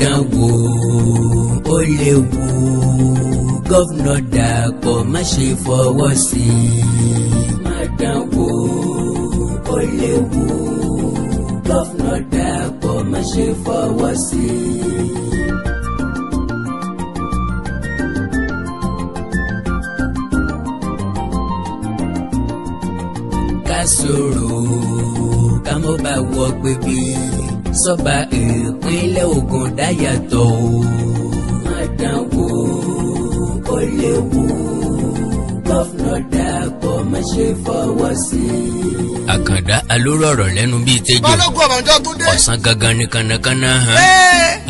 dánwò ó léwu gọ́fúnà Dàpọ̀ má ṣe fọwọ́ sí i má dánwò ó léwu gọ́fúnà Dàpọ̀ má ṣe fọwọ́ sí i. ká sọ̀rọ̀ ká mọ́ bá wọ pé sọ́ba ìpínlẹ̀ Ògùn dáyàtọ̀ o. má dán wò ó léwu gọ́fúnà Dàpọ̀ má ṣe fọwọ́ sí i. àkàndá alórọ̀rọ̀ lẹ́nu bíi tẹ́jọ́ ọ̀sán gangan ni kànákànná hàn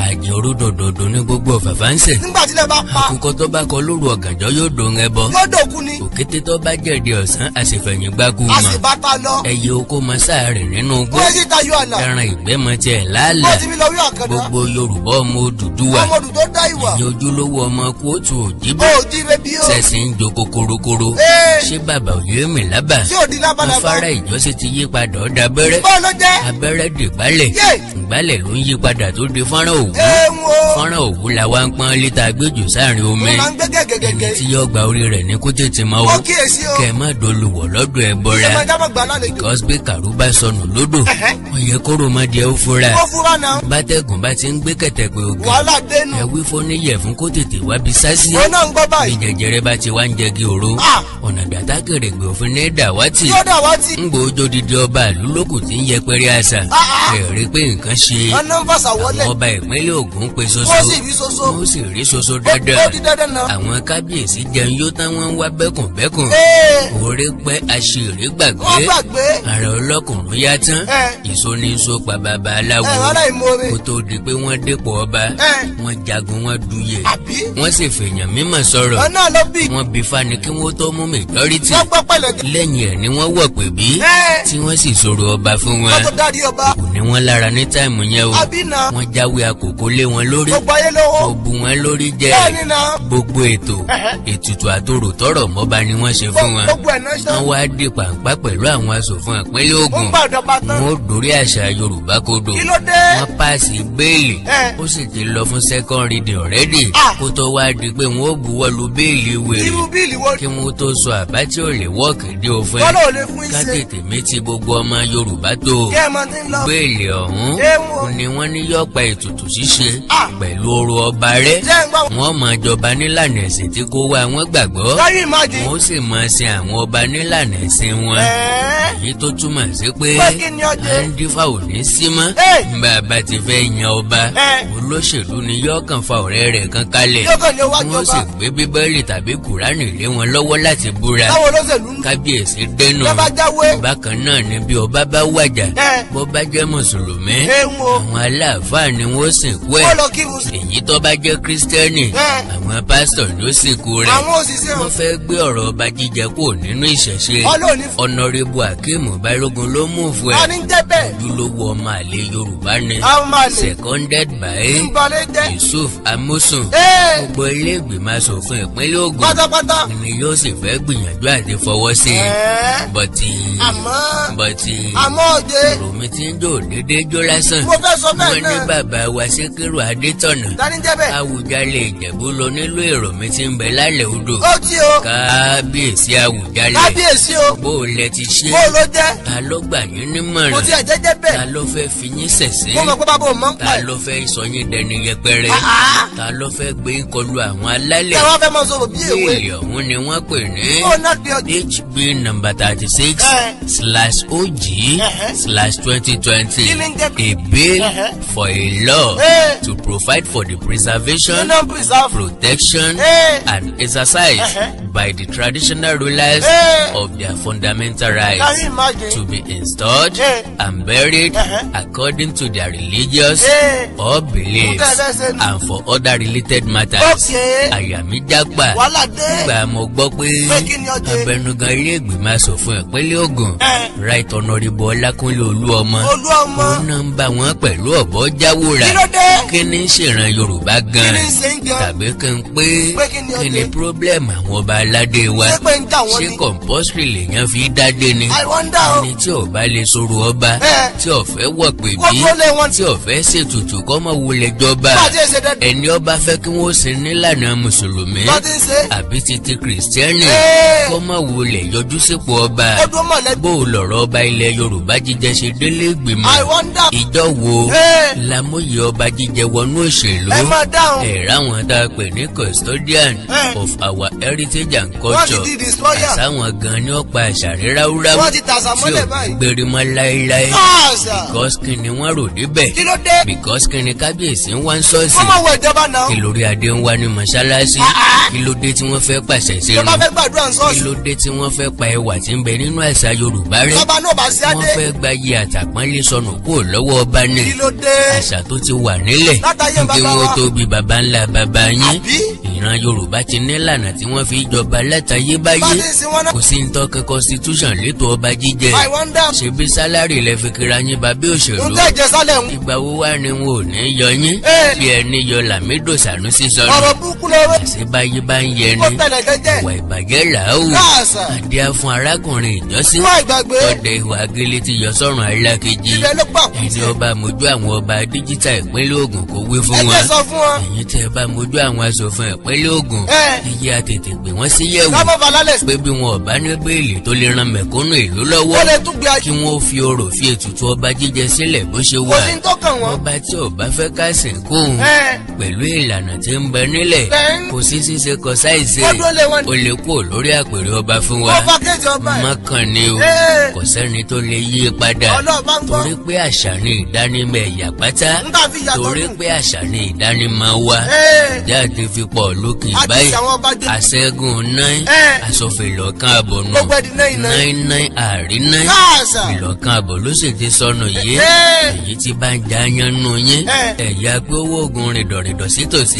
àjẹ́ orú dòdòdò ní gbogbo ọ̀fàfà ń sẹ̀. nígbà tí lè bá pa. àkùkọ tó bá kọ lóru ọ̀gànjọ́ yóò dùn ẹ bọ. yóò dòkú ni. òkété tó bá jẹ̀dí ọ̀sán àṣefẹ̀yìn gbáko ẹyẹ oko mọ sáàrin nínú gbó. ẹran ìgbẹ́ mọ tiẹ̀ lálẹ́. gbogbo Yorùbá ọmọ Odùduwà. ọmọ Odùduwà ojúlówó ọmọ kóòtù òjì koro ṣé bàbá òye mi lábà afárá ìjọsìn ti yí padà ọ̀dà abẹ́rẹ́ abẹ́rẹ́ dè gbálẹ̀ gbálẹ̀ ló ń yí padà tó di fọ́nrán òwú fọ́nrán òwú la wá ń pọ́n lítà gbẹ́jù sáàrin omi ẹni tí yọ gba orí rẹ̀ ní kó tètè mọ́ o kẹ́ ẹ má dolùwọ̀ lọ́dọ̀ ẹ bọ́ra because bí kàrú bá sọnù lódò ọ̀yẹ́ kóró má di ẹ bátẹ́gùn bá ti ń gbé kẹ̀tẹ̀pẹ̀ ògì ẹ wí fọ́ níyẹ̀ fún kó tètè wábi sásì bí jẹjẹrẹ bá ti wá ń jẹgi òru Ah. ọ̀nà gbàtà kèrègbè òfin ní dàwátì ń gbòójó didi ọba ìlú lókù tí ń yẹpẹrẹ àṣà èrè ah, ah. pé nǹkan ṣe àwọn ọba ìpínlẹ̀ Ògùn pe ṣoṣo wọ́n sì rí ṣoṣo dáadáa àwọn kábíyèsí jẹun yóò tán wọ́n ń wá bẹ́kùnbẹ́kùn òré pẹ́ aṣèré gbàgbé ààrẹ ọlọ́kùnrin yá tán ìsoniso pa bàbá aláwo kó tó di pé wọ́n dépò ọba wọ́n jagun wọ́n duyè wọ́n sì fèèyàn mímọ̀ sọ̀rọ̀ wọ́n bí fani kí wọ́n kó tó mú majority lẹ́yìn ẹ̀ ni wọ́n wọ̀ pé bí tí wọ́n sì sọ̀rọ̀ ọba fún wọn kò ní wọ́n lára ní táìmù yẹn o wọ́n jáwé àkókò lé wọn lórí kò bu wọn lórí jẹ gbogbo ètò ètùtù àtòrò tọrọ mọba ni wọ́n ṣe fún wọn wọ́n wá dé pàǹpá pẹ̀lú àwọn mú tó sọ àbá tí ò lè wọ́ọ̀kì dé òfin ká tètè méjì gbogbo ọmọ Yorùbá tó gbélé ọ̀hún ni wọ́n ní yọ̀pá ètùtù ṣíṣe pẹ̀lú orò ọba rẹ̀ wọ́n máa jọba nílànà ẹ̀sìn tí kó wá wọn gbàgbọ́ wọ́n sì máa sin àwọn ọba nílànà ẹ̀sìn wọn èyí tó túmọ̀ sí pé andifa ò ní sí mọ́ bàbá ti fẹ́ yan ọba olóṣèlú ni yọ̀ọ̀kan fa ọ̀rẹ́ rẹ̀ kan kalẹ̀ wọ́n sì gbé bíbélì tàbí kùránì lé wọn lọ́wọ́ jáwọ́ láti búra kábíyèsí dẹ́nu bákan náà ni bí ọba bá wàjà bó bá jẹ́ mùsùlùmí àwọn aláàfáà ni wọ́n sìnkú ẹ̀ èyí tó bá jẹ́ kírísítẹ́nì àwọn pásítọ̀ ló sìnkú rẹ̀ wọ́n fẹ́ gbé ọ̀rọ̀ ọba jíjẹ kúrò nínú ìṣẹ̀ṣe ọ̀nàrẹ́bù akéemù seconded by yusuf amosun gbogbo ilé ìgbìmọ̀ asòfin ìpínlẹ̀ sì fẹ́ gbìyànjú àti fọwọ́ sí i. bọ̀tì bọ̀tì èrò mi ti ń jò déédéé jó lásán. mo fẹ́ sọ bẹ́ẹ̀ náà. wọ́n ní bàbá wa Síkírù Adétọ̀nà. dání jẹ́ bẹ́ẹ̀. Àwùjalè Ìjẹ̀bú lọ nílò èrò mi ti ń bẹ lálẹ́ odò. ó ti o. kábíyèsí Àwùjalè. kábíyèsí o. bó o lẹ ti ṣe. bó o ló jẹ́. ta ló gbà yín nímọ̀ràn. mo ti ẹ̀ jẹ́jẹ́ bẹ́ẹ̀. ta ló fẹ́ fi yín sẹ̀sẹ̀. mo mọ̀ pé bàbá ò ah, ah. mọ pè ní HB number thirty six eh. slash OG eh, eh. slash twenty twenty a bill for a law to provide for the preservation protection and exercise by the traditional rulers of their fundamental rights to be installed and buried according to their religious or beliefs and for other related matters. Àyà mi jápa nígbà mo gbọ́ pé abẹnugan ilé ìgbìmọ̀ asòfin ìpínlẹ̀ Ògùn right honourable Ọlákúnlé Olúọmọ òun náà ń bá wọn pẹ̀lú ọ̀bọ jáwòrà kí ni ń ṣèràn Yorùbá gan tàbí kí n pé kí ni problem àwọn ọba aládé wa ṣé compulsory lèèyàn fi dádé ni ẹni tí ò bá lè sọ̀rọ̀ ọba tí ò fẹ́ wọ̀ pé bí tí ò fẹ́ ṣètùtù kọ́mọ wulẹ̀ jọba ẹni ọba fẹ́ kí wọ́n ṣe nílànà mùsùlùmí àbí ti ti lẹ́rìn kó má wulẹ̀ yọjú sípò ọba bó o lọ̀rọ̀ ọba ilẹ̀ Yorùbá jíjẹ ṣe délé ìgbìmọ̀ ìjọ wo lamóye ọba jíjẹ wọnú òṣèlú ẹ̀rá wọn tá a pè ní custodian of our heritage and culture àsáwọn gan ni ó pa àṣà rí ráúráú tí ò gbèrè mọ́ láéláé because kí ni wọ́n rò débẹ̀ because kí ni kábíyèsí ń wá ń sọ́ọ̀sì kí lórí adé ń wá ní mọ́ṣáláṣí ah, ah. kí ló dé tí wọ́n fẹ́ pàṣẹ sí irun bá fẹ́ gbàdúrà ń sọ́ọ̀sì. kí ló dé tí wọ́n fẹ́ pa ẹwà tí ń bẹ nínú àṣà yorùbá rẹ̀. tọ́ba náà bá sí adé. wọ́n fẹ́ gba iye àtàpọ́nlé sọnù kó lọ́wọ́ ọba ní. kí ló dé. àṣà tó ti wà nílẹ̀. látàyè bàbá wa. kí wọ́n tó bí ńlá baba yín. àbí ìran yorùbá ti ní lànà tí wọ́n fi jọba látayébáyé kò sí ní tọ́kẹ́ constitution létò ọba jíjẹ ṣebí ìbàjẹ́ rà ó àdé fún arákùnrin ìjọsìn ọdẹ ìwà gẹ́lẹ́ ti yọ sọ́run alákejì ẹni ọba mojú àwọn ọba díjítà ìpínlẹ̀ Ògùn kò wí fún wọn ẹ̀yin tẹ́ ẹ bá mojú àwọn aṣòfin ìpínlẹ̀ Ògùn iye àtètè gbé wọ́n sí yẹ̀wò pé bí wọn ọba ní bẹ́ẹ̀lì tó lè ran mẹ̀kúnnù ìlú lọ́wọ́ kí wọ́n fi orò fi ètùtù ọba jíjẹ sílẹ̀ bó ṣe wà ọba tí ọba fẹ́ ká sìnkú pẹ̀lú ìlànà tí ń bẹ nílẹ̀ kò sí ṣíṣe kọ sáìsì ó l lè kúrò lórí àpèrè ọba fún wa mọ́kànnì o kò sẹ́ni tó lè yí i padà torí pé àṣà ni ìdánimọ̀ ẹ̀yà pátá torí pé àṣà ni ìdánimọ̀ wa jáde fi pọ̀ lókè báyìí àṣẹ́gun náì àsọfèlò kan náì náì àrí náì ìlọ̀ àbọ̀ ló sì ti sọnù yìí èyí tí bá ń já yan nù yín ẹ̀yà pé owó oògùn rìndọ̀rìndọ̀ sí tòsí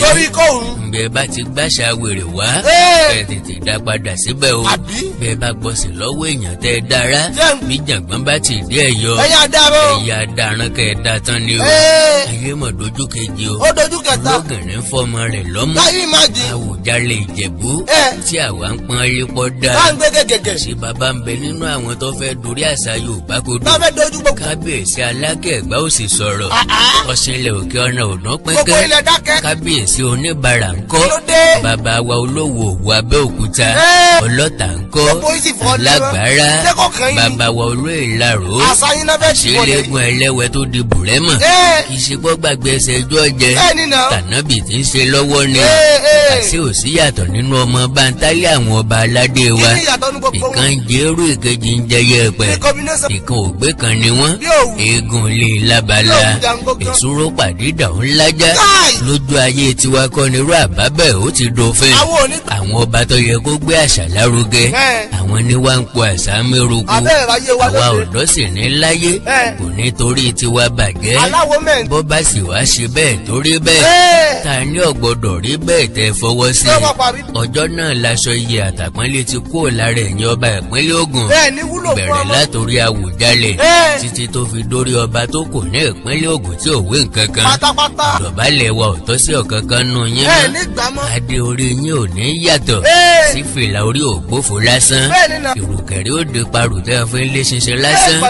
bí bá ti gbàṣà wèrè wá ẹ tètè sì dá padà síbẹ̀ o. àbí. bẹ́ẹ̀ bá gbọ́sẹ̀ lọ́wọ́ èèyàn tẹ́ ẹ dára. bí jàǹgbọ́n bá ti dé ẹ yọ. ẹ̀yà dáró. ẹ̀yà dárán kẹ́ ẹ da tán ni o. ayé mọ̀ dojú kejì o. ó dojú kẹta. lókèrè ń fọmọ rẹ̀ lọ́mú. láyé má di. àwùjalè ìjẹ̀bú. tí àwa ń pọn ayépọ̀ dá. bá ń gbé gègègè. ṣé bàbá ń bẹ nínú àwọn tó fẹ́ dorí àṣà Yorùbá kodo. bá fẹ́ dojú gbogbo. kábíyèsí alákẹ̀gbá ò sì sọ̀rọ̀. Ah, ah. ọ̀sìnlẹ̀ òkè ọ̀nà òná pẹ́kẹ́. gbogbo ilẹ̀ dákẹ́. kábíyèsí oníbàárà ńkọ́. bàbá wa olówó òwò Abẹ́òkúta abẹ́òkúta ọlọ́ta ńkọ́ alágbára babawa olú ìlarò àṣelégun ẹlẹ́wẹ̀ tó di bùrẹ́mọ̀ ìṣepọ̀ gbàgbé ẹsẹ̀ ẹjọ́ jẹ tànàbì tí ń ṣe lọ́wọ́ ni àṣé ò sí yàtọ̀ nínú ọmọ bántálí àwọn ọba aládé wa ìkan jẹ́rú ìkejì ń jẹyẹ pẹ̀ ìkan ògbé kan ni wọ́n eégún lè lábala ìṣòro pàdé ìdàrún lájá lójú ayé tiwa kọ́ni irú àbábẹ́ ó ti dòfin àwọn ọba tó yẹ yẹ kó gbé àṣà lárugẹ àwọn ni wá ń po àṣà mẹ́rùkù àwa ọ̀dọ́ sì ní láyé kò ní torí tiwa bàjẹ́ bó bá sì wá ṣe bẹ́ẹ̀ torí bẹ́ẹ̀ ta ní ọ̀gbọ́dọ̀ rí bẹ́ẹ̀ tẹ́ fọwọ́ sí i ọjọ́ náà laṣọ iye àtàpọ́nlé ti kó lára ẹ̀yìn ọba ìpínlẹ̀ Ògùn bẹ̀rẹ̀ látòrí Àwùjalẹ̀ títí tó fi dórí ọba tó kù ní ìpínlẹ̀ Ògùn tí ò wé nǹkan kan dọ̀bálẹ̀ wa ò sí ọ̀kankan nù yín mọ́ adé orí yín ò ní yàtọ̀ sí fìlà orí ògbófo lásán ìrùkẹ̀rẹ̀ òde parù tẹ́ ẹ fi ń lé ṣinṣin lásán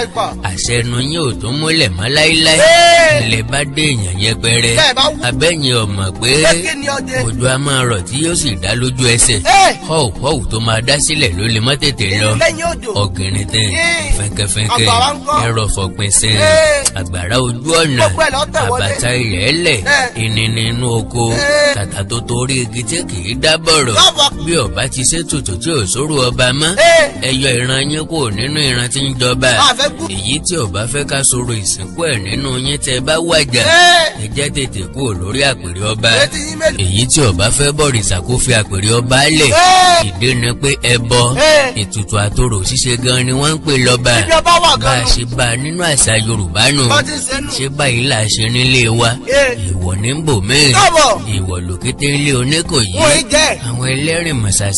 àṣẹnu yín ò tún múlẹ̀ mọ́ láíláí ilẹ̀ bá dé èèyàn yẹpẹrẹ abẹ́yìn ọ̀mọ̀ pé òjò a máa rọ̀ tí yóò sì dá lójú ẹsẹ̀ họ́ọ̀ họ́ọ̀ tó máa dá sílẹ̀ ló lè má tètè lọ ọ̀gìnrín tẹ̀ fẹ́kẹ́fẹ́kẹ́ ẹ̀rọ fọ̀pin sẹ́yìn àgbàrá ojú ọ̀nà àbàtà ìrẹ́lẹ̀ ìnìnnú oko tàtà tó torí igi tí kì í dábọ̀rọ̀ bí ọ̀bá bá ti ṣètò tó tí ò sórú ọba mọ́ ẹyọ ìran yín kò nínú ìran tí ń jọba èyí tí ọba fẹ́ ká sọ̀rọ̀ ìsìnkú ẹ̀ nínú yín tẹ́ bá wàjà ẹ jẹ́ tètè kú lórí àpèrè ọba èyí tí ọba fẹ́ bọ̀rìṣà kó fi àpèrè ọba lẹ̀ ìdí ni pé ẹbọ ètùtù àtòrò ṣíṣe gan ni wọ́n ń pè lọ́ba bá a ṣe bá a nínú àṣà Yorùbá nù ṣé báyìí là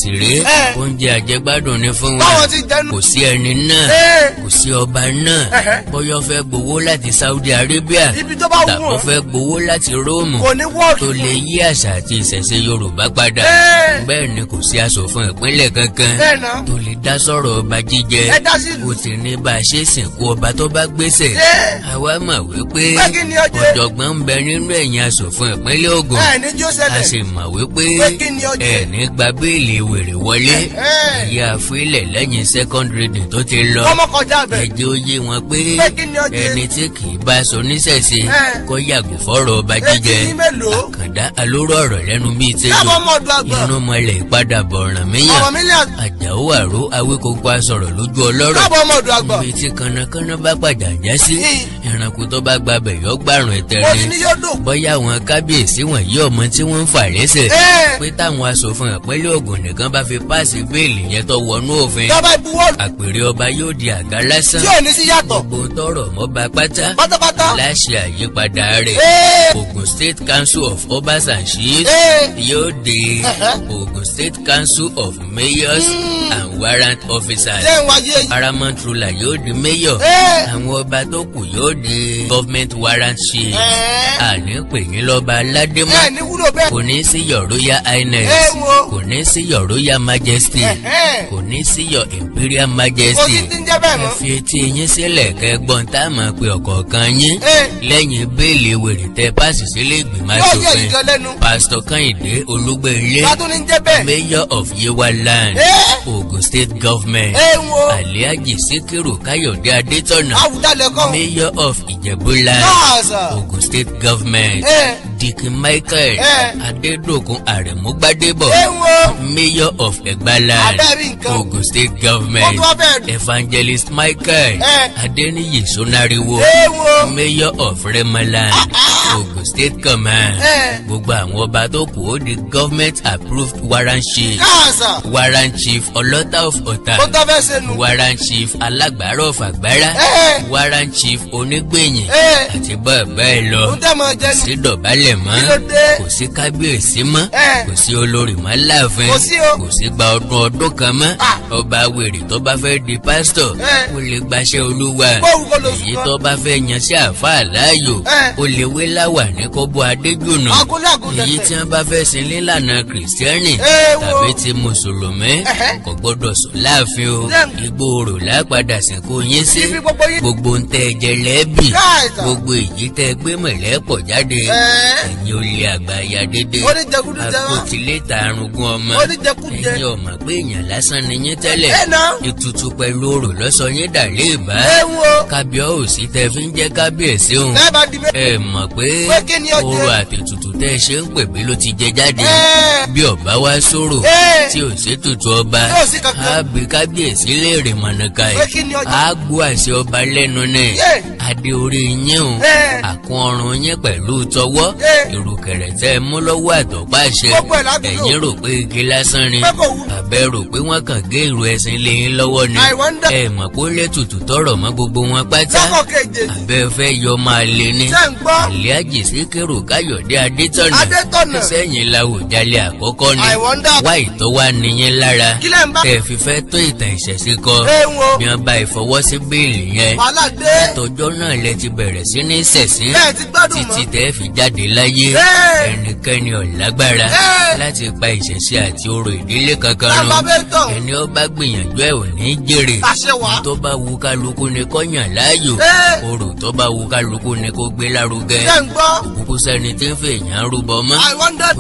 sì rèé oúnjẹ àjẹgbádùn ni fún wọn kò sí ẹni náà kò sí ọba náà bóyá fẹ́ gbowó láti Saudi Arabia tàbí fẹ́ gbowó láti Róòmù tó lè yí àṣà àti ìṣẹ̀ṣe Yorùbá padà bẹ́ẹ̀ ni kò sí aṣòfin ìpínlẹ̀ kankan tó lè dá sọ̀rọ̀ ọba jíjẹ kò sì ní bá a ṣe sìnkú ọba tó bá gbéṣẹ̀ àwa mọ̀ wípé ọ̀jọ̀gbọ́n ń bẹ nínú ẹ̀yìn aṣòfin ìpínlẹ̀ Ògùn a sì mọ̀ wípé ẹ̀ ní gba béèlì wèrè wọlé ìyá àfilẹ̀ lẹ́yìn secondary day tó ti lọ ẹjẹ́ ó yé wọn pé ẹni tí kì í bá aṣọ oníṣẹ̀ṣe kó yàgò fọ́rọ̀ ọba jíjẹ àkàndá alóró ọ̀rọ̀ lẹ́nu bíi tẹ́lẹ̀ inú mọ́lẹ̀ ìpadà bọ̀ràn míyàn àjàó àró awékòkò asọ̀rọ̀ lójú ọlọ́rọ̀ níbi tí kanakana bá padà já sí ẹranko tó bá gba bẹ̀yọ́ gbàrún ẹ̀tẹ̀rin bóyá àwọn kábíyèsí wọ̀nyí ọmọ tí wọ́n ń fà lẹ́sẹ̀ pé táwọn aṣòfin ìpínlẹ̀ Ògùn nìkan bá fi páàsì béèlì yẹn tó wọnú òfin àpèrè ọba yóò di àga lásán gbogbo tọrọ mọba pátá láṣẹ àyípadà rẹ̀ Ògùn State Council of Obas and Chiefs yóò de. Ògùn State Council of Mayors hmm. and Warrant Officers Paramount ruler yóò di mayor àwọn ọba tó kù yóò ní government warrant ṣe àní pè yín lọ́ba aládémọ́ kò ní sí your royal highness kò ní sí your royal majesty kò ní sí your imperial majesty ẹ fi etí yín sílẹ̀ kẹgbọ́n tá a máa pe ọ̀kọ̀ọ̀kan yín lẹ́yìn bẹ́ẹ̀lì wèrè tẹ páàsì sílé ìgbìmọ̀ asòfin pásítọ̀ kàyìndé olúgbẹ̀lẹ̀ mayor of yewa land ogun state government aliaji sikiru káyọ̀dé adétọ̀nà mayor of of Ìjẹ̀bú-Land Ogun State Government eh. Dikin Michael eh. Adédòkun Àrẹ̀múgbádébọ̀ eh, Mayor of Ẹ̀gbáland Ogun State Government Evangelist Michael Adéníyì Sọnáríwó Mayor of Rẹ́mọland ah, ah. Ogun State Command gbogbo àwọn ọba tó kù ó di government approved warrant chief warrant chief ọlọ́tà of ọ̀tà warrant chief alágbára of àgbára warrant chief oní arégbèyìn àti bẹ́ẹ̀ bẹ́ẹ̀ lọ kò sí dọ̀bálẹ̀ mọ́ kò sí kábíyèsí mọ́ kò sí olórí mọ́ láàfin kò sí gba ọdún ọdún kan mọ́ ọba wèrè tó bá fẹ́ di pásítọ̀ ó lè gbaṣẹ́ olúwa èyí tó bá fẹ́ yanṣẹ́ àfáà láàyò ó lè wé láwà ní kọ́bọ̀ adéjùnà èyí tí wọ́n bá fẹ́ sin nílànà kìrìsìtẹ́nì tàbí ti mùsùlùmí kò gbọ́dọ̀ sùn láàfin o igbó orò lápadà sìnkú yín sí gbogbo ń tẹ́ ẹ̀jẹ̀ lẹ́ẹ̀b bì gbogbo èyí tẹ́ gbé mọ̀lẹ́ pọ̀ jáde ẹ̀yin olè àgbà ya dédé àpótílẹ́ta arúgbó ọmọ ẹ̀yin ọmọ pé èèyàn lásán ni yín tẹ́lẹ̀ ìtutù pẹ̀lú òrò lọ́sọ yín dà léèbá kábíọ́ òsì tẹ́ fi ń jẹ́ kábíyèsí òun ẹ mọ̀ pé òrò àtètùtù tẹ́ ṣe ń pèbí ló ti jẹ jáde bí ọba wá sọ̀rọ̀ tí ò sí tutù ọba á bí kábíyèsí léèrè mọ̀nàkà yìí á gbó àṣẹ ọba lẹ́nu náà àdé orí yín o àkún ọrùn yín pẹ̀lú tọwọ́ ìrùkẹ̀rẹ̀ tẹ́ mú lọ́wọ́ àtọ̀pá àṣẹ ẹ̀yin rò pé igi lásán ni àbẹ rò pé wọ́n kàn gé ìrù ẹ̀sìn lé yín lọ́wọ́ ni ẹ mọ̀ pé ó lé tutù tọrọ mọ́ gbogbo wọn pátá àbẹ fẹ́ yọ máa lé ní àlẹ́ àjèsí kérò káyọ̀dé adétọ̀nà sẹ́yìn làwùjalè àkọ́kọ́ ni wá ìtọ́wá niyín lára tẹ̀ fífẹ́ tó ìtàn ìṣẹ̀ṣe kọ bí wọ́n ìfọwọ́sí bẹ́ẹ̀lì yẹn látọjọ́ náà náà lẹ ti bẹ̀rẹ̀ sí ní sẹ̀sìn títí tẹ́ fi jáde láyé ẹnikẹ́ni ò láti pa ìṣẹ̀ṣe àti orò ìdílé kankan run ẹni ó bá gbìyànjú ẹ̀ ò ní jèrè tó bá wu kálukú ni kó yàn láàyò orò tó bá wu kálukú ni kó gbé lárugẹ òkúkú sẹ́ni tí ń fi èèyàn rúbọ mọ́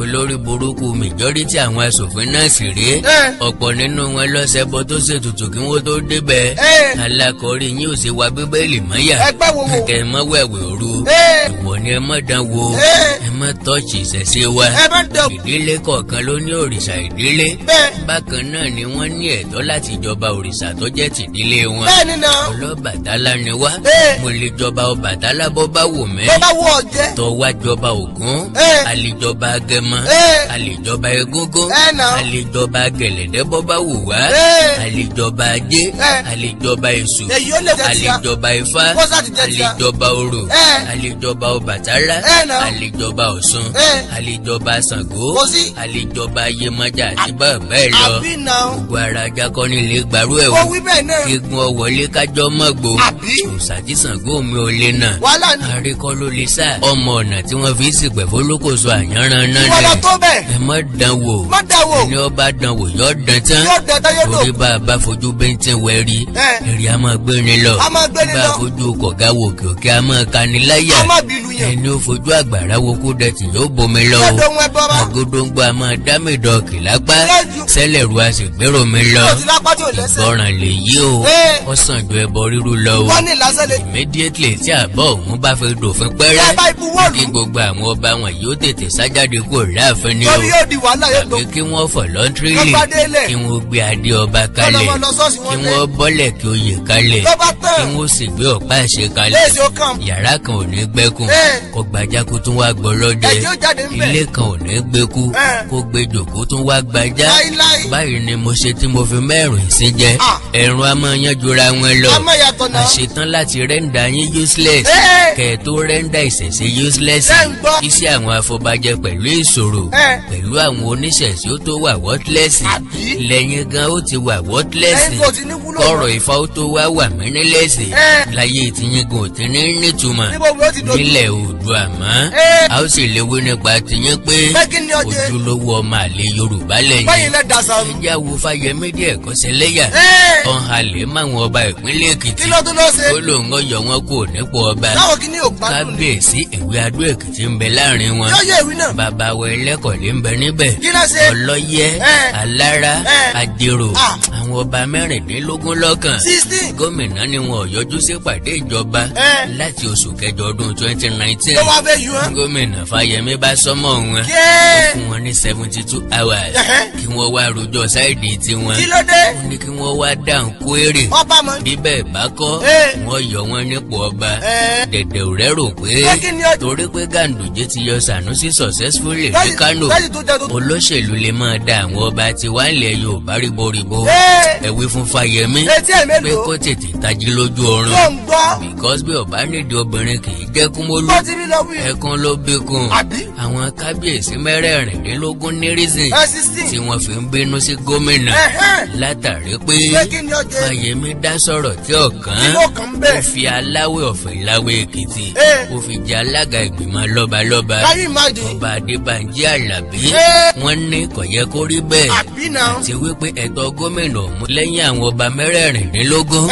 olórí burúkú majority àwọn asòfin náà sì rèé ọ̀pọ̀ nínú wọn lọ́sẹ̀ bọ́ tó ṣètùtù kí wọ́n tó débẹ̀ alákọ̀ọ́rí yín ò ṣe wa bíbélì mọ́yà wẹ̀wò wò. kẹ ẹ má wẹ̀wò ru ìwọ ni ẹ má dán wo ẹ má tọ́ọ̀ṣì ìṣẹ̀ṣe wa ìdílé kọ̀ọ̀kan ló ní òrìṣà ìdílé bákan náà ni wọ́n ní ẹ̀tọ́ láti jọba òrìṣà tó jẹ́ tìdílé wọn ọlọ́bàtálá ni wá mo lè jọba ọbàtálá bọ́ bá wò mẹ́ tọ́wá jọba ògún àlejọba agẹmọ àlejọba egúngún àlejọba gẹ̀lẹ̀dẹ́ bọ́ bá wò wá àlejọba ajé àlejọba èṣù àlejọba ifá àlejọba orò àlejọba ọbàtálá àlejọba ọ̀ṣun àlejọba ṣàngó àlejọba yemọja àti bẹ́ẹ̀ bẹ́ẹ̀ lọ gbogbo ara ajá kọ́ nílé gbàrú ẹ̀ o kígun ọ̀wọ́lé kájọ́ mọ̀ gbò òòṣà tí ṣàngó mi ò lè nà àríkọ́ ló lè sá ọmọ ọ̀nà tí wọ́n fi ṣìpẹ̀ fólókòso àyànràn náà ni ẹ mọ̀ dán wò ẹni ọba dán wò yọ̀ dán tán torí bá a bá fojú bẹ́ńtẹ́ wẹ̀ rí èrè a máa gbé ni lọ bá a fojú kọ̀gá láwo òkè òkè a máa kani láyà ẹni ó fojú àgbàrá wo kó dẹ̀tì yóò bomi lọ o àgódóńgbò a máa dá mi dọ̀kì lápá sẹ́lẹ̀ a sì gbèrò mi lọ ìgbọràn lè yí o ó sàn ju ẹbọ rírú lọ o immediately tí àbọ̀ òun bá fẹ́ dòfin pẹ́rẹ́ kí gbogbo àwọn ọba wọn yóò tètè sájáde kúrò láàfin ni o àbí kí wọ́n fọ̀ lọ́ńtírìlì kí wọ́n gbé adé ọba kalẹ̀ kí wọ́n bọ́lẹ̀ kí oyè kalẹ̀ kí wọ́n sì gbé ọ̀pá àṣẹ kalẹ̀ yàrá kan ò ní gbẹ́kùn kó gbajá kó wá gbọ́ ilé kan ò ní gbẹ́kú kó gbẹdọ̀ kó wá gbajá báyìí ni mo ṣe tí mo fi mẹ́rin sí jẹ ah. ẹ̀rùn a máa yanjú ra wọn lọ a ṣetán láti rẹ́ńdà yín useless kẹ̀ tó rẹ́ńdà ìṣẹ̀ṣe useless iṣẹ́ àwọn afọbajẹ pẹ̀lú ìṣòro pẹ̀lú àwọn oníṣẹ̀ṣe tó wà worthless lẹ́yìn gan ó ti wà worthless kọ̀rọ̀ ìfọ́ tó wá wà mẹ́rin ogun ò ní nítumọ̀ nílẹ̀ oòdùà mọ́ a ó sì léwé nípa tiyín pé ojúlówó ọmọ àlè yorùbá lẹ́yìn ẹjẹ́ wo díẹ̀ kọ́sẹ̀ lẹ́yà ọ̀hánlẹ̀ máwọn ọba ìpínlẹ̀ èkìtì ó lóun ọyọ̀ wọn kò nípò ọba kábíyèsí ìwé adó èkìtì ń bẹ láàrin wọn bàbá wa ẹlẹ́kọ̀ọ́lé ń bẹ níbẹ̀ ọlọ́yẹ alára àdèrò àwọn ọba mẹ́rìndínlógún lọ́kàn gómìnà ni wọn yọjú sí pàdé ìjọba bá láti oṣù kẹjọ ọdún twenty nineteen gómìnà Fáyẹmí bá sọmọ wọn fún wọn ní seventy two hours kí wọ́n wá rojọ́ sáìdì tiwọn ó ní kí wọ́n wá dáhùn kúérì bíbẹ̀ bá kọ́ wọ́n yọ wọn nípò ọba dẹ̀dẹ̀ ò rẹ́rò pé torí pé Ganduje ti yọ Sanusi successfully ní Kano olóṣèlú lè máa da àwọn ọba tiwa ilẹ̀ Yorùbá ríboríbo ẹ wí fún Fáyẹmí pé kó tètè tají lójú oorun bíkọ́. Cosby ọba nídìí obìnrin kì í jẹ́ kúmólú ẹkún ló bí kun àwọn kábíyèsí mẹ́rẹ̀ẹ̀rìndínlógún ní reason tí wọ́n fi ń bínú sí gómìnà látàrí pé Fáyẹmí dá sọ̀rọ̀ tí ọ̀kan ó fi aláwẹ̀ ọ̀fẹ́ láwẹ̀ Èkìtì ó fi jẹ alága ìgbìmọ̀ lọ́balọ́ba ọba Adébánjí Àlàbí wọ́n ní kò yẹ kó rí bẹ́ẹ̀ àti wípé ẹ̀tọ́ gómìnà mú lẹ́yìn àwọn ọba mẹ́rẹ̀ẹ̀rìndínlógún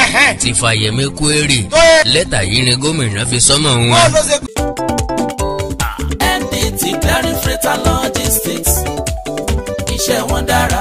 lẹ́tà yìí ni gómìnà fi sọ́mọ̀ wọn. Ah. ẹni tí clearing freighter logistics iṣẹ́ wọn dára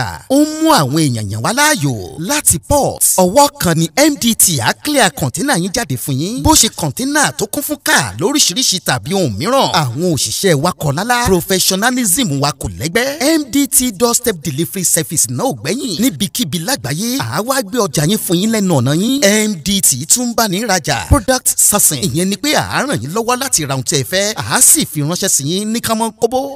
gbà ó ń mú àwọn èèyàn yàn wá láàyò láti port ọwọ́ kan ni MDT á clear kọ̀ǹtínà yín jáde fún yín bó ṣe kọ̀ǹtínà tó kún fún káà lóríṣiríṣi tàbí ohun mìíràn àwọn òṣìṣẹ́ wa kọ̀ lálá professionalism wa kò lẹ́gbẹ́ MDT doorstep delivery service náà ò gbẹ́yìn níbikíbi lágbàáyé àwa gbé ọjà yín fún yín lẹ́nu ọ̀nà yín MDT tún bá ní ìrajà product sourcing ìyẹn ni pé à á ràn yín lọ́wọ́ láti ra ohun tí ẹ fẹ́ à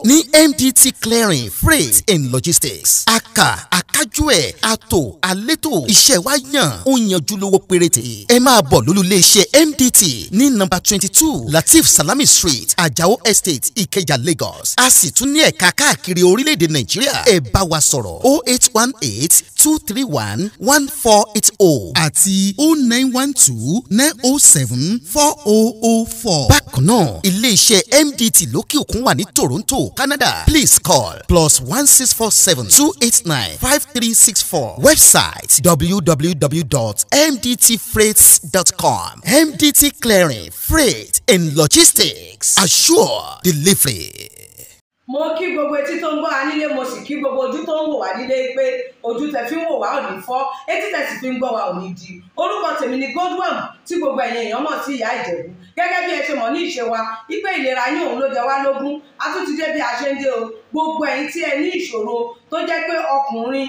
ní MDT clearing freight and logistics A. Aka akájú ẹ̀ ato àlétò iṣẹ́ wa yàn ó yanjú lówó péréte ẹ máa bọ̀ lólulẹ̀ iṣẹ́ MDT ní nọ́mbà twenty two Latif Salami Street Ajao Estate Ikeja Lagos a sì tún ní ẹ̀ka káàkiri orílẹ̀-èdè Nàìjíríà ẹ bá wa sọ̀rọ̀ o oh eight one eight two three one one four eight O oh àti o oh nine one two nine o seven four o o four. bákan náà ilé-iṣẹ́ MDT lókè òkun wà ní Toronto Canada please call plus one six four seven two eight nine five three six four website www.mdtfreights.com MDT Clearing Freight and Logistics assure delivery mo kí gbogbo etí tó ń gbọ́ wa nílé mo sì kí gbogbo ojú tó ń wò wá nílé pé ojú tẹ fi ń wò wá ò ní fọ́ etí tẹ sì fi ń gbọ́ wa ò ní di orúkọ tèmi ni Godwin tí gbogbo ẹ̀yin èèyàn mọ̀ sí ìyá Ìjẹ̀bú gẹ́gẹ́ bí ẹ ṣe mọ̀ ní ìṣe wa wípé ìlera yín òun ló jẹ wá lógún a tún ti dé bí a ṣe ń dé o gbogbo ẹ̀yin tí ẹ ní ìṣòro tó jẹ́ pé ọkùnrin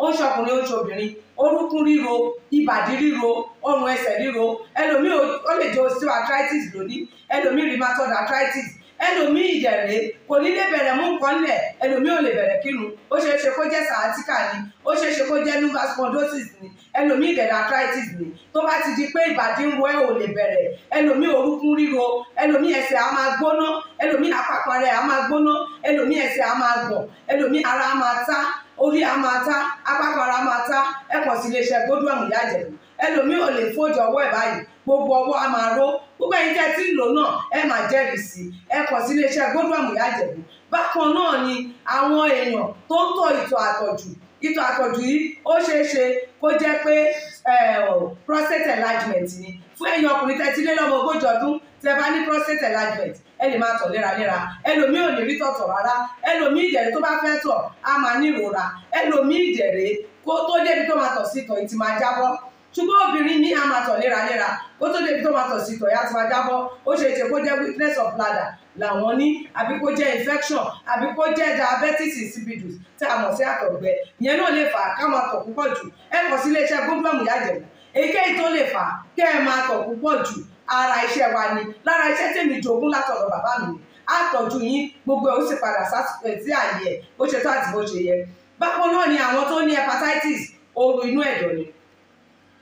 ó ń ṣọkùnrin ó ń ṣobìnrin orúkún ríro ìbàdí ríro ọrùn ẹsẹ̀ ríro ẹlòmíì ó lè jẹ́ osteoarthritis lónìí ẹlòmíì rheumatoid arthritis ẹlòmíì ìjẹ̀rẹ̀ kò ní lè bẹ̀rẹ̀ mú nǹkan lẹ̀ ẹlòmíì ò lè bẹ̀rẹ̀ kírun ó ṣeé ṣe kó jẹ́ sciatica ni ó ṣeé ṣe kó jẹ́ lumbar spondylosis ni ẹlòmíì ìdẹ̀rẹ̀ arthritis ni tó bá ti di pé ìbàdí ń ro ẹ̀ ò lè bẹ̀rẹ̀ ẹlòmíì orúkún ríro ẹlòmíì ẹsẹ̀ á máa gbóná ẹlòmíì àpapọ̀ rẹ̀ á máa gbóná ẹlòmíì ẹsẹ̀ á máa gbọ̀n ẹlòmíì ara á máa tá orí a máa ta apákọ̀ọ́ra máa ta ẹ̀pọ̀ sí iléeṣẹ́ gbódúrà ìyá ìjẹ̀bù ẹlòmíì ò lè fojú ọwọ́ ẹ̀ báyìí gbogbo ọwọ́ a máa ró gbogbo ẹ̀yin tẹ́ ti ń lò náà ẹ máa jẹ́rìí sí ẹ̀pọ̀ sí iléeṣẹ́ gbódúrà ìyá ìjẹ̀bù bákan náà ni àwọn èèyàn tó ń tọ̀ ìtọ̀ àtọ̀jù ìtọ̀ àtọ̀jù yìí ó ṣeé ṣe kó jẹ́ pé prostate enlargement ni fún ẹ̀yin ọkùnrin tẹ́tí lé lọ́mọ ogójì ọdún tẹ́ bá ní prostate enlargement ẹ lè máa tọ̀ léraléra ẹlòmíì ò ní rí tọ̀tọ̀ rárá ẹlòmíì ìjẹ̀rẹ̀ tó bá fẹ́ tọ̀ á máa nírora ẹlòmíì ìjẹ̀rẹ̀ kó tó débi tó máa tọ̀ sí tọ̀ ìtì máa jábọ́ ṣùgbọ́n obìnrin ní a máa tọ̀ léraléra kó tó débi tó máa tọ̀ sí tọ̀ ìyá ti máa jábọ́ ó ṣe é ṣe kó jẹ́ weakness of bladder làwọn ní àbí kó jẹ́ infection àbí kó jẹ́ diabetes insipidus tí a mọ̀ sí àtọ̀gbẹ ìyẹn náà lè fà á ká máa tọ̀ púpọ̀ jù ẹ kàn sí iléeṣẹ́ gómìnà yàjẹ̀wò èyíkéyìí tó lè fà kẹ́ ẹ máa tọ̀ púpọ̀ jù ara iṣẹ́ wa ni lára iṣẹ́ tèmi jogún látọ̀dọ̀ bàbá mi àtọ̀jú yín gbogbo ẹ̀ ó sì padà sí àyè ẹ̀ bó ṣe tó àti bó ṣe yẹ bákan náà ni àwọn tó ní hepatitis ooru inú ẹ̀dọ̀ ni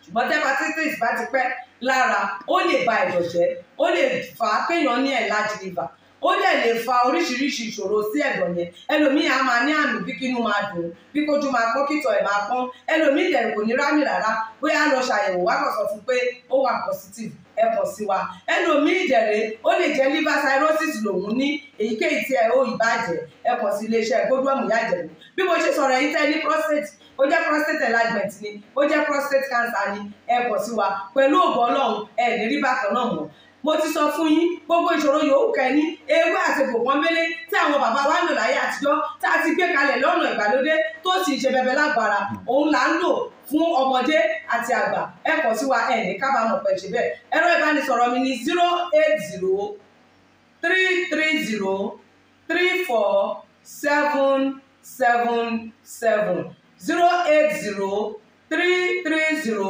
ṣùgbọ́n hepatitis bá ti pẹ́ lára ó lè ba ẹ̀dọ̀ jẹ́ ó lè fà á péyàn ní ẹ̀ large liver ó dẹ̀ lè fa oríṣiríṣi ìṣòro sí ẹ̀dọ̀ yẹn ẹlòmíì á máa ní àmì bí kínú máa dùn bí kójú máa pọ́n kìtọ̀ ẹ̀ máa pọ́n ẹlòmíì dẹ̀ kò ní rámì rárá bóyá lọ ṣàyẹ̀wò wá kàn sọ fún pé ó wà positive ẹ kàn sí wa ẹlòmíì dẹ̀rẹ̀ ó lè jẹ́ liver cirrhosis lòun ní èyíkéyìí tí ẹ ó ìbàjẹ́ ẹ kàn sí iléeṣẹ́ gbódúọ̀mù yájẹ̀mú bí mo ṣe sọ̀rọ̀ yìí tẹ́ prostate ó jẹ́ prostate enlargement ni ó jẹ́ prostate cancer ni ẹ kàn sí wa pẹ̀lú ògbọ́n ọlọ́run ẹ̀ ní rí bákan náà mọ́ mo ti sọ fún yín gbogbo ìṣòro yòówù kẹ́ni ewé àti bòpọ́n mélé tí àwọn bàbá wa ń lò láyé àtijọ́ tá a ti gbé kalẹ̀ lọ́nà ìgbàlódé tó sì ṣe bẹbẹ lágbára òun là ń lò fún ọmọdé àti àgbà ẹ kàn sí wa ẹ ní kábàámọ̀ pẹ̀ ṣe bẹ́ẹ̀ ẹ̀rọ ìbánisọ̀rọ̀ mi ni zero eight zero three three zero three four seven seven seven zero eight zero three three zero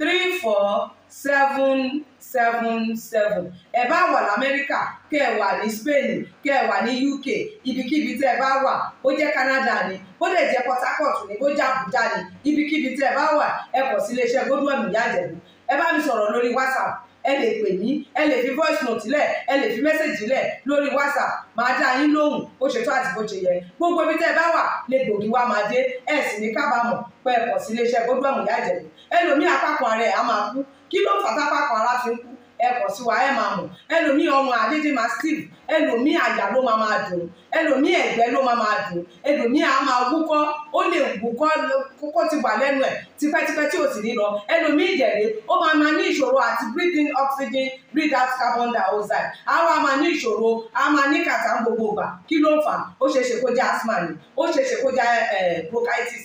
three four seven seven seven ẹ bá wà lamẹ́ríkà kẹ́ ẹ wà ní spain kẹ́ ẹ wà ní uk ibikíbi tẹ́ ẹ bá wà bó jẹ́ canada ni bó dẹ̀ jẹ́ port harcourt ni bó jẹ́ abuja ni ibikíbi tẹ́ ẹ bá wà ẹ kọ̀ sí iléeṣẹ́ godwin ìyájẹ̀bù ẹ bá mi sọ̀rọ̀ lórí whatsapp ẹ lè pè mí ẹ lè fi voice note lẹ̀ ẹ lè fi message lẹ̀ lórí whatsapp máa dá yín lóhùn bó ṣe tó àti bó ṣe yẹ gbogbo ibi tẹ́ ẹ bá wà lè gbòógì wá máa dé ẹ sì ní kábàámọ̀ pé ẹ kọ̀ sí iléeṣẹ́ godwin ìyájẹ̀bù ẹlòmíì apákan ara ẹ̀ á máa kú kí ló fà tápákọ̀ ara fi ń kú ẹ̀kọ́ sí wa ẹ̀ máa mọ̀ ẹlòmíì ọmọ àdídì máa steve ẹlòmíì àyà ló máa máa dùn ẹlòmíì ẹ̀gbẹ́ ló máa máa dùn ẹlòmíì á máa wúkọ́ ó lè wúkọ́ kókó ti wà lẹ́nu ẹ̀ tipẹ́tipẹ́ tí ò sì ní lọ ẹlòmíì ìjẹ̀lẹ̀ ó máa máa ní ìṣòro àti breathe oxygen breathe out carbon dioxide á wá máa ní ìṣòro á máa ní kàtà gbogbo ìgbà kí ló fà ó ṣeéṣe kó jẹ́ asthma ni ó ṣeéṣe kó jẹ́ bronchitis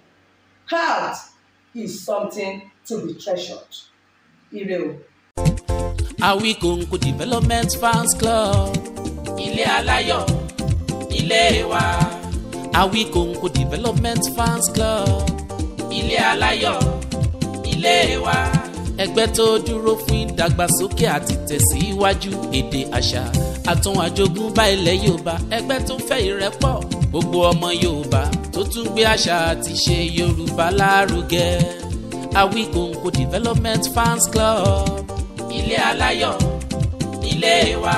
Heart is something to be treasured. Ire o. Awikonko Development Fans Club. Ilé aláyọ̀, ilé wa. Awikonko Development Fans Club. Ilé aláyọ̀, ilé wa. Ẹgbẹ́ tó dúró fún ìdàgbàsókè àti tẹ̀síwájú èdè àṣà àtún àjogúnbá ilẹ̀ Yorùbá ẹgbẹ́ tó fẹ́ ìrẹ́pọ̀ gbogbo ọmọ Yorùbá tún gbé àṣà àti ṣe Yorùbá lárugẹ Awikonko Development Fans Club ilé aláyọ̀ ilé wa.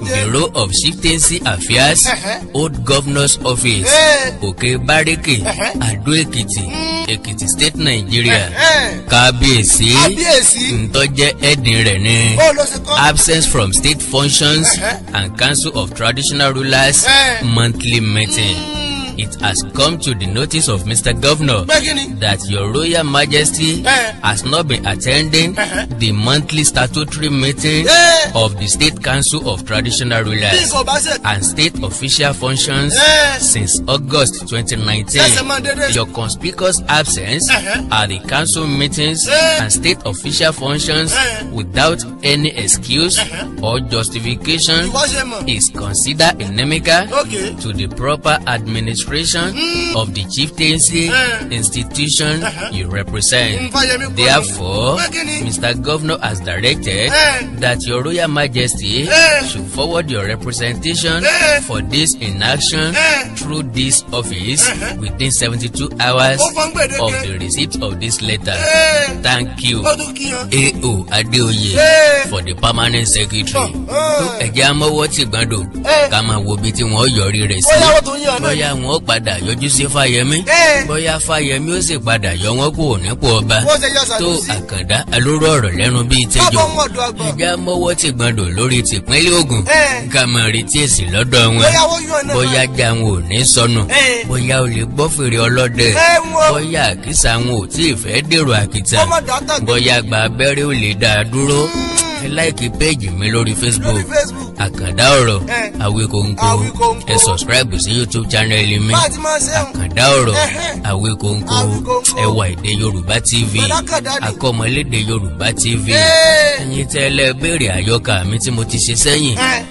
Bureau of Chieftaincy Affairs Old Governors Office Òkè Bárẹ́kè Àdó Èkìtì hmm. Èkìtì State Nigeria Kábíyèsí ntọ́jẹ́ ẹ̀dín rẹ̀ ni absence from state functions and council of traditional rulers monthly meeting. Hmm it has come to the notice of Mr. Governor that your royal majesty eh. has not been attending eh, eh. the monthly statutory meeting of the State Council of Traditional Rulers and state official functions since August 2019. Your conspicuous absence at the council meetings and state official functions without any excuse or justification is considered inimical to the proper administration corporation mm. of the chieftaincy mm. Eh. institution uh-huh. you represent. Therefore, Mr. Governor has directed eh. that your Royal Majesty eh. should forward your representation for this inaction through this office uh-huh. within 72 hours of the receipt of this letter. Thank you, A.O. Adeoye, for the permanent secretary. Oh, oh. Ẹ̀jẹ̀ amọ́wọ́ ti gbàdùn ká máa wo ibi tí wọ́n yọrí rẹ̀ sí. Bóyá wọ́n wọ́n padà yọjú sí fáyẹmí eh. bóyá fáyẹmí ó sì padà yọ wọ́n kó nípò ọba tó àkàndá alóró ọ̀rọ̀ lẹ́nu bíi tẹ́jọ́ ẹja mọ́wọ́ ti gbọ́ndọ̀ lórí tìpínlẹ̀ Ògùn eh. ká máa retí èsì lọ́dọ̀ wọn bóyá já wọn ò ní sọnù eh. bóyá o lè gbọ́ fèrè ọlọ́dẹ bóyá àkísà wọn ò tí ì fẹ́ dèrò àkìtà bóyá gba abẹ́rẹ́ ò lè dá a dúró. Mm ẹ láìkí péèjì mi lórí facebook àkàndá ọ̀rọ̀ eh, àwíkóńkó ẹ sọ̀sìpírábù sí youtube channel mi àkàndá ọ̀rọ̀ àwíkóńkó ẹ wà èdè yorùbá tv akọ́mọlédè yorùbá tv eh. ẹ̀yin tẹ́ ẹ lẹ́ béèrè àyọkà mi tí mo ti ṣe sẹ́yìn. Eh.